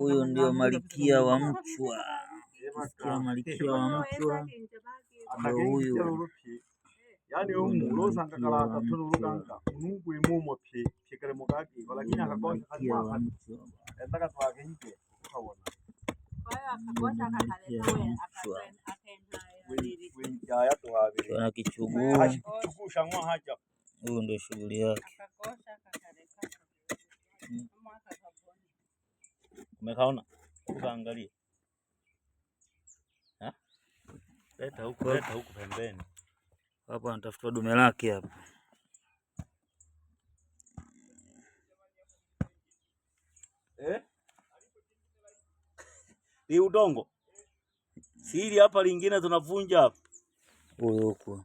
Huyu ndio malikia wa mchwa. Ukisikia malkia wa mchwa ndio huyu. Ana kichuguu, huyu ndio shughuli yake. Umekaona? Ukaangalia. Leta huku, leta huku pembeni. hapo, anatafuta dume lake hapa. Eh? Ni udongo. Siri hapa lingine tunavunja hapa. Huyo huko.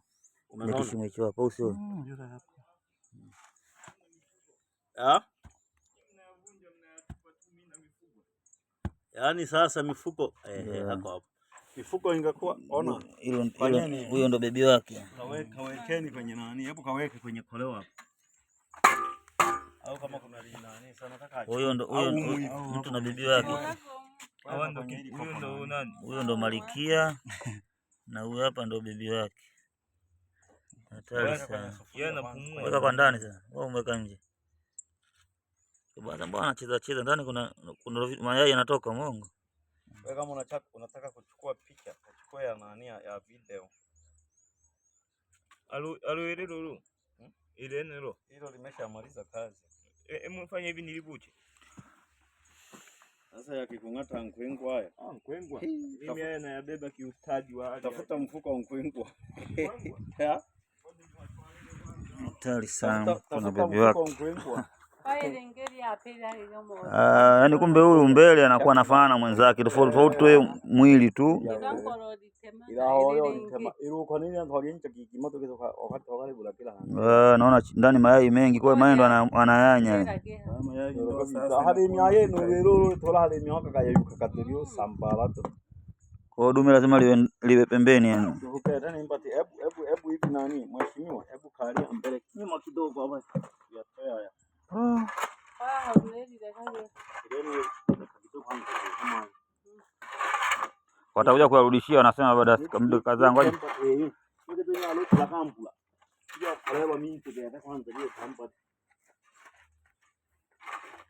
Unaona? Kishimecho hapo, usio. Ah? Yaani sasa mifuko eh, yeah. hapo hapo mifuko ingekuwa ona, hilo hilo, huyo ndo bebi wake. Kaweka wekeni kwenye nani, hebu kaweke kwenye koleo hapo, au kama kuna nani sana kaka, huyo ndo huyo mtu na bebi wake, huyo ndo nani, huyo ndo Malikia na huyo hapa ndo bebi wake. Hatari sana, weka kwa ndani sana, umeweka nje Bwana mbona anacheza cheza ndani, kuna kuna mayai yanatoka mongo. Wewe kama unataka unataka kuchukua picha, chukua ya nani ya video. Alu alu ile lulu. Ile ile hmm? lulu. Hilo limeshamaliza kazi. Hebu e, fanya hivi nilibuche. Sasa yakikung'ata nkwengwa haya. Ah, nkwengwa. Mimi haya nayabeba kiustaji wa hali. Tafuta mfuko wa nkwengwa. Hatari sana kuna bebe wako. Yaani kumbe huyu mbele anakuwa anafanana na mwenzake tofauti tofauti tu mwili tu. Ah, naona ndani mayai mengi, kwa hiyo ah, mayai ndo anayanya. Mm. Kwa dume lazima liwe liwe pembeni yani. Hebu hebu hebu hivi nani mheshimiwa, hebu kalia mbele kidogo. hapa. Ya, ya, Watakuja kuwarudishia, wanasema baada ya muda kadhaa. Ngoja